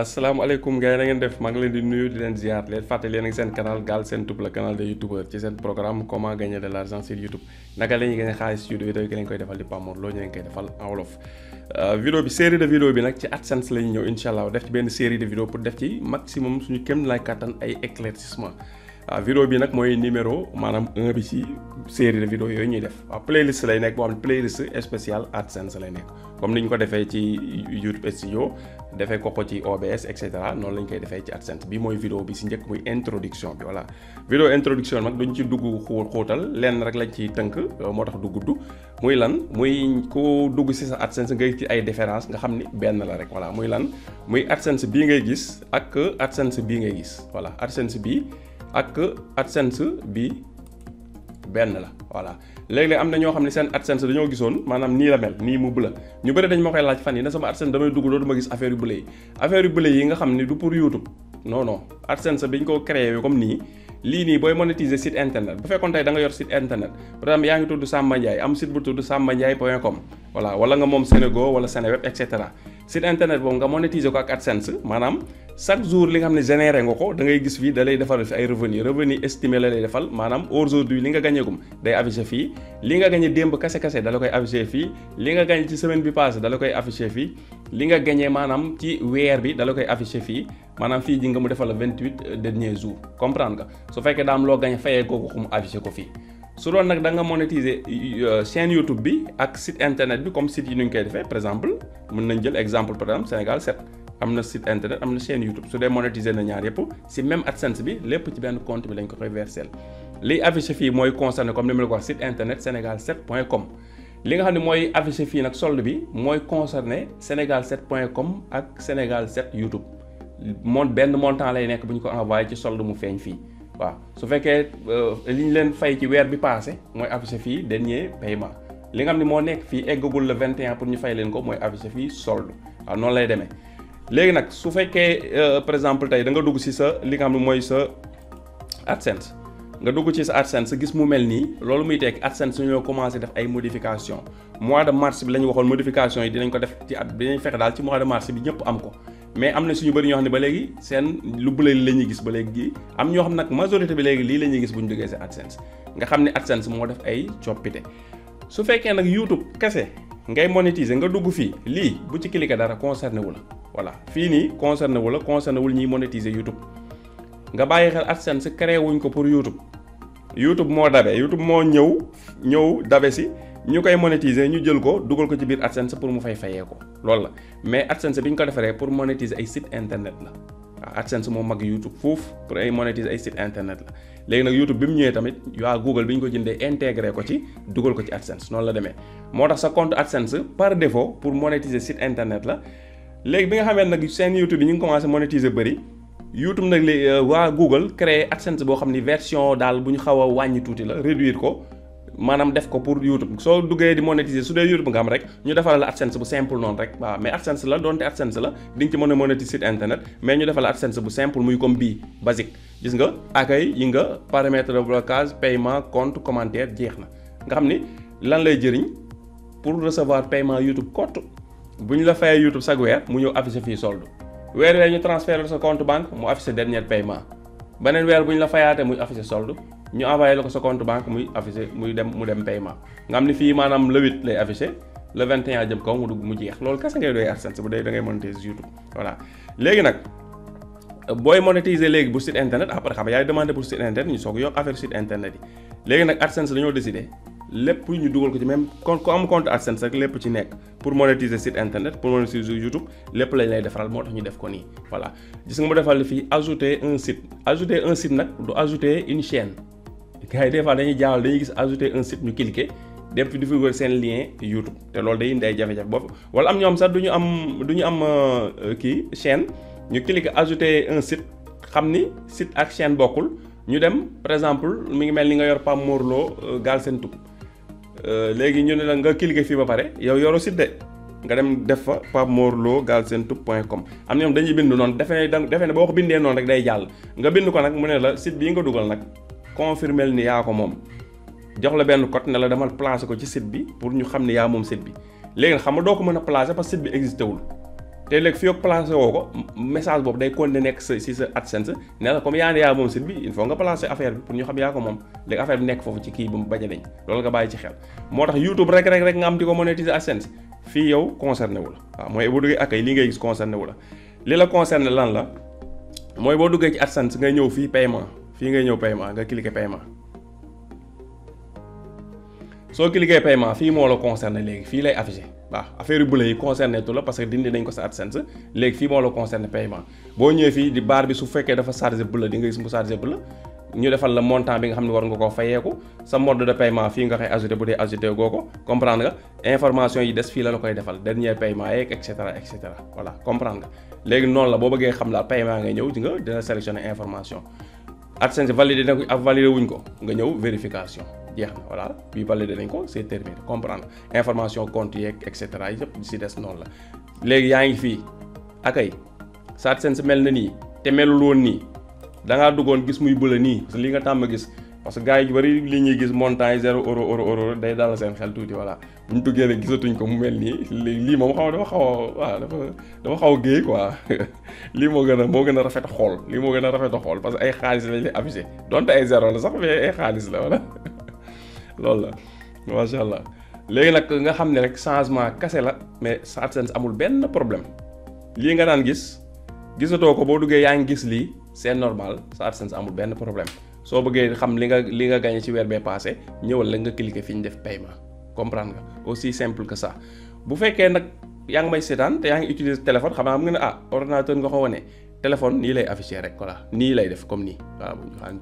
asalaamaaleykum gars yi na ngeen def maa ngi leen di nuyu di leen ziar leen fàtte leen ak seen canal Galsen Tube la canal de youtubeur ci seen programme comment gagner de l'argent sur youtube naka la ñuy gagner xaalis ci youtube yi a leen koy defal di Pamor Lo ñu leen koy defal en wolof euh, bi série de vidéo bi nag ci AdSense lañu ñëw incha def ci benn série de vidéo pour def ci maximum suñu kéem lay kàttan ay éclaircissement waaw ah, vidéo bi nag mooy numéro maanaam un bi ci série de yooyu ñuy def waaw ah, playlist lay nekk boo xam ne playlist spéciale AdSense lay nekk comme ni ñu ko defee ci YouTube Studio defee ko ko ci OBS et cetera noonu lañ koy defee ci AdSense bi mooy vidéo bi ci njëkk muy introduction bi voilà. vidéo introduction nag duñ ci dugg xóot xóotal lenn rek lañ ciy tënk euh, moo tax du gudd muy lan muy ku dugg ci sa AdSense ngay ci ay différence nga xam ni benn la rek voilà muy lan muy AdSense bii ngay gis ak AdSense bii ngay gis voilà AdSense bii. ak AdSense bi benn la voilà léeg-léeg am na ñoo xam ne seen AdSense dañoo gisoon maanaam nii la mel nii mu bëla ñu bëri dañ ma koy laaj fan yi ne sama AdSense damay dugg dootuma gis affaire yu bële yi affaire yu nga xam ne du pour YouTube non non AdSense biñ ko créé comme nii lii nii booy monétiser site internet bu fekkoon tey da nga yor site internet par exemple yaa ngi tudd Samba Ndiaye am site bu tudd samba ndiaye point com voilà wala nga moom Senego wala Seneweb et cetera site internet boobu nga monétiser ko ak AdSense maanaam chaque jour li nga xam ne généré nga ko da ngay gis fii da lay defal fi ay revenu revenu estimé la lay defal maanaam aujourd'hui li nga gagné gum day affiché fii li nga gagné démb kase kase da koy affiché fii li nga gagné ci semaine bi passé da koy affiché fii li nga gagné maanaam ci weer bi dala la koy affiché fii maanaam fii ji nga mu defal la vingt 28 derniers jours comprendre nga su fekkee daam am loo gagné fayee googu xum affiché ko fii su doon nag da nga monétiser euh, chaîne YouTube bi ak site internet bi comme site yi nu ñu koy defee par exemple mën nañ jël exemple par exemple Sénégal 7 am na site internet am na chaîne YouTube su dee monétiser na ñaar yëpp si même AdSense bi lépp ci benn compte bi lañ ko koy versel liy affiché fii mooy concerné comme ni ma la wax site internet sénégal 7 point li nga xam ne mooy affiché fii nag solde bi mooy concerné sénégal 7 point com ak sénégal 7 YouTube moom benn montant lay nekk bu ñu ko envoyé ci solde mu feeñ fii. waaw su fekkee euh, li ñu leen fay ci weer bi passé mooy affiché fii dernier paiement li nga xam ne moo nekk fii la le 21 pour ñu fay leen ko mooy affiché fii solde waaw noonu lay demee léegi nag su fekkee euh, par exemple tey da nga dugg si sa li nga xam ne mooy sa AdSense nga dugg ci sa AdSense gis mu mel nii loolu muy tekk AdSense suñu commencé def ay modification mois de mars bi la ñu waxoon modification yi dinañ ko def ci at dinañ fexe daal ci mois de mars bi ñëpp am ko mais am na suñu bëri ñoo xam ne ba léegi seen lu bule la ñuy gis ba léegi am ñoo xam nag majorité bi léegi lii la ñuy gis bu ñu duggee si AdSense nga xam ne AdSense moo def ay coppite su fekkee nag YouTube kese ngay monétiser nga dugg fii lii bu ci cliquer dara concerné wu la voilà fii nii concerné wu la concerné wul ñiy monétiser YouTube nga bàyyi xel AdSense créé wuñ ko pour YouTube YouTube moo dabe YouTube moo ñëw ñëw dabe si. ñu koy monétiser ñu jël ko dugal ko ci biir AdSense pour mu fay fayee ko loolu la mais AdSense bi ñu ko defaree pour monétiser ay site internet la waaw AdSense moo mag YouTube foofu pour ay monétiser ay site internet la léegi nag YouTube bi mu ñëwee tamit waa Google bi ñu ko jëndee intégré ko ci dugal ko ci AdSense noonu la demee moo tax sa compte AdSense par défaut pour monétiser site internet la léegi bi nga xamee nag seen YouTube yi ñu ngi commencé monétiser bëri YouTube nag léegi euh, waa Google créé AdSense boo xam ni version daal bu ñu xaw a wàññi tuuti la réduire ko. maanaam def ko pour YouTube soo duggee di monétiser su dee YouTube nga am rek ñu defaral la AdSense bu simple noonu rek waaw mais AdSense la donte AdSense la di nga ci mën a monétiser site internet mais ñu defal la bu simple muy comme bii basique gis nga accueil yi nga paramètre de blocage paiement compte commentaire jeex na nga xam ni lan lay jëriñ pour recevoir paiement YouTube compte bu ñu la fayee YouTube chaque weer mu ñëw affiché fii solde weer weer ñu transféré sa compte banque mu affiché dernier beneen weer bu ñu la fayaatee muy affiché solde ñu envoyé la ko sa compte banque muy affiché muy dem mu dem paiement nga xam ne fii maanaam le 8 lay affiché le 21 jëm kaw mu dugg mu jeex loolu kese ngay doy AdSense bu dee da ngay YouTube voilà léegi nag booy monétiser léegi bu site internet après xam yaay demande pour site internet ñu soog yokk affaire site internet yi léegi nag AdSense dañoo décidé lépp ñu dugal ko ci même compte ku am compte AdSense rek lépp ci nekk pour monétiser site internet pour monétiser YouTube lépp lañ lay defaral moo tax ñu def ko nii voilà gis defal fii ajouter un site ajouter un du ajouter une gars yi des fois dañuy jaawal dañuy gis ajouter un site ñu cliquer dem fi di fa wër seen lien YouTube te loolu day indi day jafe-jafe boobu wala am ñoom sax du ñu am du ñu am euh, kii chaîne ñu cliquer ajouter un site xam ni site ak chaîne bokkul ñu dem par exemple mu ngi mel ni nga yor Pape Mor Lo euh, gaal seen tub euh, léegi ñu ne la nga cliquer fii ba pare yow yoroo site de nga dem def fa Pape Mor Lo seen tub point com am ñoom dañuy bind noonu defe ne da defe ne boo ko bindee noonu rek day jàll nga bind ko nag mu ne la site bii nga dugal nag. confirmel ni yaa ko moom jox la benn code ne la demal placer ko ci site bi pour ñu xam ne yaa moom site bi léegi nag xam nga doo ko mën a placer parce que bi existé wul te léegi fii ak placé woo ko message boobu day continuer nekk sa si sa AdSense ne la comme yaa ne yaa moom site bi nga pour ñu xam ko moom léegi affaire bi nekk foofu ci kii ba mu bañ a dañ loolu nga bàyyi ci xel moo tax YouTube rek rek rek nga am di ko monétiser AdSense fii yow concerné wu la waaw mooy boo duggee ak ay li ngay gis concerné wu la li la concerné lan la mooy boo duggee ci AdSense ngay ñëw fii paiement fii ngay ñëw paiement nga cliquer paiement soo cliquer paiement fii moo la concerné léegi fii lay affiché waaw affaire yu bële yi concerné tu la parce que dindi nañ ko sa AdSense léegi fii moo la concerné paiement boo ñëwee fii di baar bi su fekkee dafa chargé bële di nga gis mu chargé bële ñu defal la montant bi nga xam ne war nga koo fayeeku sa mode de paiement fii nga koy ajouté bu dee ajouté goo ko comprendre nga information yi des fii la la koy defal dernier paiement yeeg et cetera et cetera voilà comprendre nga léegi noonu la boo bëggee xam la paiement nga ñëw di nga dina sélectionner information AdSense validé na ko ak validé wuñ ko nga ñëw vérification jeex na voilà bii validé nañ ko c'est terminé comprendre information compte yeeg et yépp yëpp si des noonu la léegi yaa ngi fii akay sa AdSense mel na nii te melul woon nii da duggoon gis muy bëla nii li nga tàmm gis. parce que gars yi bari li ñuy gis montant yi zéro euro euro day dalal seen xel tuuti voilà bu ñu duggee rek gisatuñ ko mu mel nii lii moom xaw dafa xaw a waaw dafa dafa xaw a géey waa lii moo gën a moo gën a rafet xool lii moo gën a rafet xool parce que ay xaalis la lay affiché donte ay zéro la sax mais ay xaalis la voilà loolu la macha allah léegi nag nga xam ne rek changement kase la mais AdSense amul benn problème lii nga daan gis gisatoo ko boo duggee yaa ngi gis lii c'est normal AdSense amul benn problème. soo bëggee xam li nga li nga gagné ci weer bee passé ñëwal la nga cliquer fi ñu def payma comprendre nga aussi simple que sa bu fekkee nag yaa ngi may setaan te yaa ngi utiliser téléphone xam am nga ne ah ordinateur nga ko wane téléphone nii lay affiché rek voilà nii lay def comme nii voilà bu ñu xaan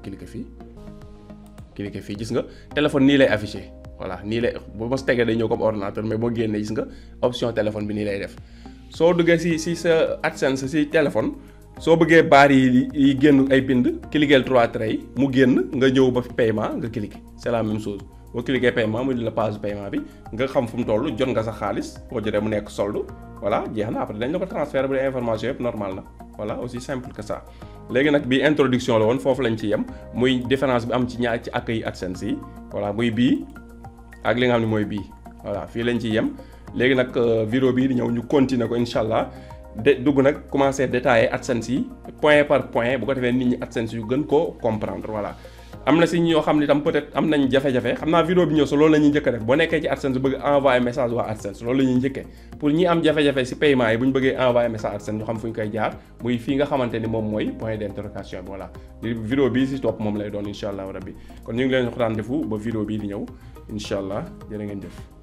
fii gis nga téléphone nii lay affiché voilà nii lay bu tegee day ñëw comme ordinateur mais boo génnee gis nga option téléphone bi nii lay def soo duggee si si sa AdSense si téléphone. soo bëggee baar yi yi génn ay bind cliquer trois traits mu génn nga ñëw ba fi paiement nga cliquer c'est la même chose boo cliquer paiement mu di la page bi nga xam fu mu toll jot nga sa xaalis boo jotee mu nekk solde voilà jeex na après dañ la ko transférer bu dee information yëpp normal na voilà aussi simple que ça. léegi nag bii introduction la woon foofu lañu ci yem muy différence bi am ci ñaar ci accueil AdSense yi voilà muy bii ak li nga ne mooy bii voilà fii lañ ci yem léegi nag vidéo euh, bii di ñëw ñu continuer ko incha allah. de dugg nag commencé détailler AdSense yi point par point bu ko defee nit ñi AdSense yu gën koo comprendre voilà. am na si ñoo xam ni tam peut-être am nañ jafe-jafe xam naa vidéo bi ñëw so loolu la ñuy njëkk def boo nekkee ci AdSense bëgg envoyer message waa AdSense loolu la ñuy njëkkee pour ñi am jafe-jafe si paiement yi bu ñu bëggee envoyer message AdSense ñu xam fu ñu koy jaar muy fii nga xamante ni moom mooy point d'interrogation bi voilà vidéo bii si topp moom lay doon incha allah rabbi kon ñu ngi leen jox rendez-vous ba vidéo bii di ngeen jëf